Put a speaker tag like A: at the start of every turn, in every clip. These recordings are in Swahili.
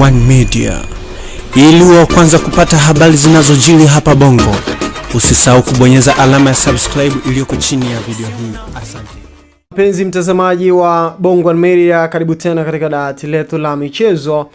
A: One Media, ili wa kwanza kupata habari zinazojiri hapa Bongo. Usisahau kubonyeza alama ya subscribe iliyoko chini ya video hii. Asante
B: mpenzi mtazamaji wa Bongo One Media, karibu tena katika dawati letu la michezo,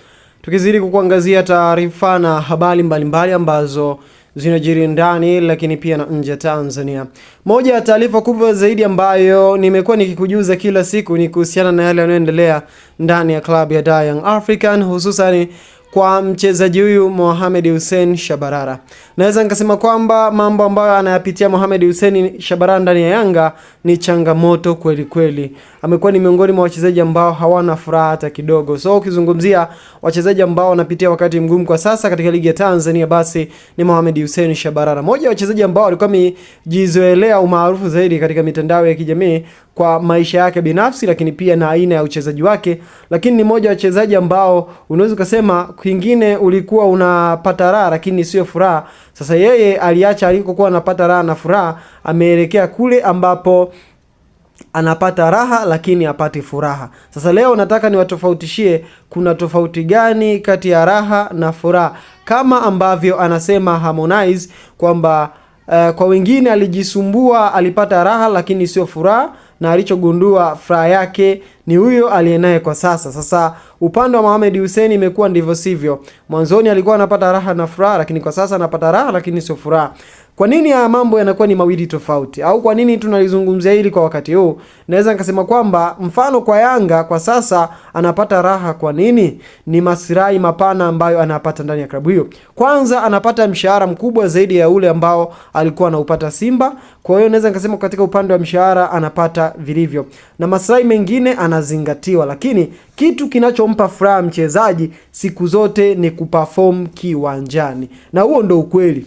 B: tukizidi kukuangazia taarifa na habari mbalimbali ambazo zinajiri ndani lakini pia na nje ya Tanzania. Moja ya taarifa kubwa zaidi ambayo nimekuwa nikikujuza kila siku ni kuhusiana na yale yanayoendelea ndani ya klabu ya Young African hususan kwa mchezaji huyu Mohamed Hussein Shabarara. Naweza nikasema kwamba mambo ambayo anayapitia Mohamed Hussein Shabarara ndani ya Yanga ni changamoto kweli kweli. Amekuwa ni miongoni mwa wachezaji ambao hawana furaha hata kidogo. So ukizungumzia wachezaji ambao wanapitia wakati mgumu kwa sasa katika ligi ya Tanzania, basi ni Mohamed Hussein Shabarara, moja wa wachezaji ambao alikuwa amejizoelea umaarufu zaidi katika mitandao ya kijamii kwa maisha yake binafsi, lakini pia na aina ya uchezaji wake, lakini ni moja wa wachezaji ambao unaweza ukasema kwingine ulikuwa unapata raha lakini sio furaha. Sasa yeye aliacha alikokuwa anapata raha na furaha, ameelekea kule ambapo anapata raha lakini apati furaha. Sasa leo nataka niwatofautishie kuna tofauti gani kati ya raha na furaha, kama ambavyo anasema Harmonize kwamba uh, kwa wengine alijisumbua, alipata raha lakini sio furaha na alichogundua furaha yake ni huyo naye kwa sasa. Sasa upande wa Mohamed Hussein imekuwa ndivyo sivyo. Mwanzoni alikuwa anapata raha na furaha, lakini kwa sasa anapata raha lakini sio furaha. Kwa nini haya mambo yanakuwa ni mawili tofauti, au kwa nini tunalizungumzia hili kwa wakati huu? Naweza nikasema kwamba mfano kwa Yanga kwa sasa anapata raha. Kwa nini? Ni masirai mapana ambayo anapata ndani ya klabu hiyo. Kwanza anapata mshahara mkubwa zaidi ya ule ambao alikuwa anaupata Simba, kwa hiyo naweza nikasema katika upande wa mshahara anapata vilivyo, na masirai mengine anazingatiwa, lakini kitu kinachompa furaha mchezaji siku zote ni kuperform kiwanjani, na huo ndo ukweli.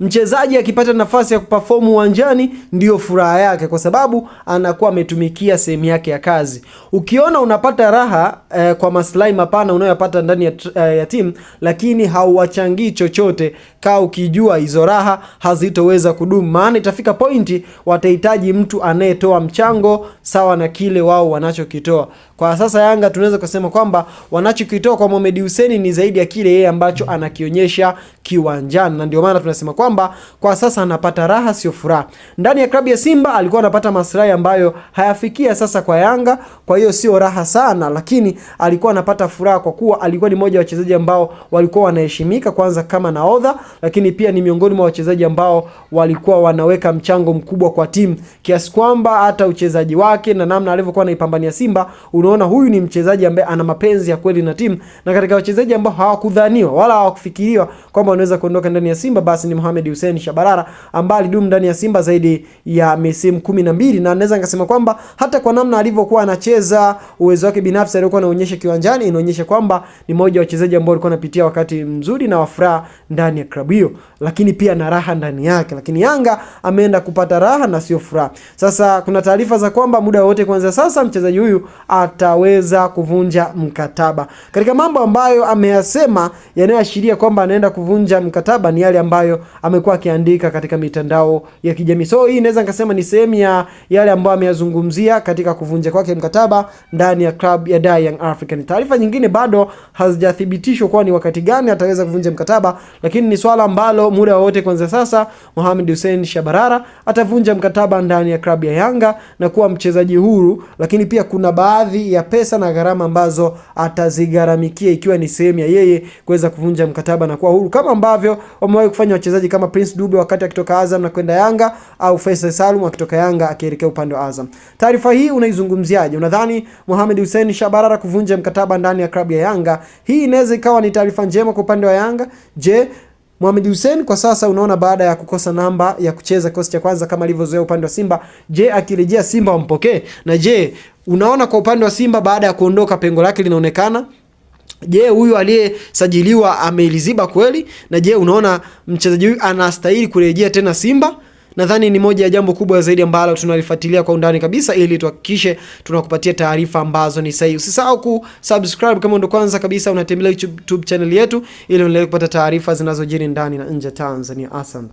B: Mchezaji akipata nafasi ya kuperform uwanjani ndiyo furaha yake, kwa sababu anakuwa ametumikia sehemu yake ya kazi. Ukiona unapata raha eh, kwa maslahi mapana unayoyapata ndani ya, eh, ya timu, lakini hauwachangii chochote, kaa ukijua hizo raha hazitoweza kudumu, maana itafika pointi watahitaji mtu anayetoa mchango sawa na kile wao wanachokitoa. Kwa sasa Yanga tunaweza kusema kwamba wanachokitoa kwa Mohamed Hussein ni zaidi ya kile yeye ambacho anakionyesha kiwanjani, na ndio maana tunasema kwamba kwamba kwa sasa anapata raha, sio furaha. Ndani ya klabu ya Simba alikuwa anapata maslahi ambayo hayafikia sasa kwa Yanga, kwa hiyo sio raha sana, lakini alikuwa anapata furaha kwa kuwa alikuwa ni mmoja wa wachezaji ambao walikuwa wanaheshimika kwanza kama naodha, lakini pia ni miongoni mwa wachezaji ambao walikuwa wanaweka mchango mkubwa kwa timu kiasi kwamba hata uchezaji wake na namna alivyokuwa anaipambania Simba, unaona huyu ni mchezaji ambaye ana mapenzi ya kweli na timu, na katika wachezaji ambao hawakudhaniwa wala hawakufikiriwa kwamba wanaweza kuondoka ndani ya Simba basi ni Mohamed Mohamed Hussein Shabalala ambaye alidumu ndani ya Simba zaidi ya misimu kumi na mbili na naweza nikasema kwamba hata kwa namna alivyokuwa anacheza, uwezo wake binafsi aliyokuwa anaonyesha kiwanjani, inaonyesha kwamba ni mmoja wa wachezaji ambao alikuwa anapitia wakati mzuri na wa ndani ya klabu hiyo, lakini pia na raha ndani yake. Lakini Yanga ameenda kupata raha na sio furaha. Sasa kuna taarifa za kwamba muda wote kuanzia sasa mchezaji huyu ataweza kuvunja mkataba. Katika mambo ambayo ameyasema yanayoashiria kwamba anaenda kuvunja mkataba ni yale ambayo amekuwa akiandika katika mitandao ya kijamii. So hii naweza nikasema ni sehemu ya yale ambayo ameyazungumzia katika kuvunja kwake mkataba ndani ya club ya Dar Young African. Taarifa nyingine bado hazijathibitishwa kwa ni wakati gani ataweza kuvunja mkataba, lakini ni swala ambalo muda wowote kuanzia sasa Mohamed Hussein Shabarara atavunja mkataba ndani ya klabu ya Yanga na kuwa mchezaji huru, lakini pia kuna baadhi ya pesa na gharama ambazo atazigaramikia ikiwa ni sehemu ya yeye kuweza kuvunja mkataba na kuwa huru kama ambavyo wamewahi kufanya wachezaji kama Prince Dube wakati akitoka Azam na kwenda Yanga au Faisal Salum akitoka Yanga akielekea upande wa Azam. Taarifa hii unaizungumziaje? Unadhani Mohamed Hussein Shabarara kuvunja mkataba ndani ya klabu ya Yanga, hii inaweza ikawa ni taarifa njema kwa upande wa Yanga? Je, Mohamed Hussein kwa sasa unaona baada ya kukosa namba ya kucheza kikosi cha kwanza kama alivyozoea upande wa Simba, je, akirejea Simba wampokee? Na je, unaona kwa upande wa Simba baada ya kuondoka pengo lake linaonekana? Je, huyu aliyesajiliwa ameiliziba kweli? Na je, unaona mchezaji huyu anastahili kurejea tena Simba? Nadhani ni moja ya jambo kubwa zaidi ambalo tunalifuatilia kwa undani kabisa, ili tuhakikishe tunakupatia taarifa ambazo ni sahihi. Usisahau kusubscribe kama ndo kwanza kabisa unatembelea YouTube channel yetu, ili uendelee kupata taarifa zinazojiri ndani na nje ya Tanzania. Asante.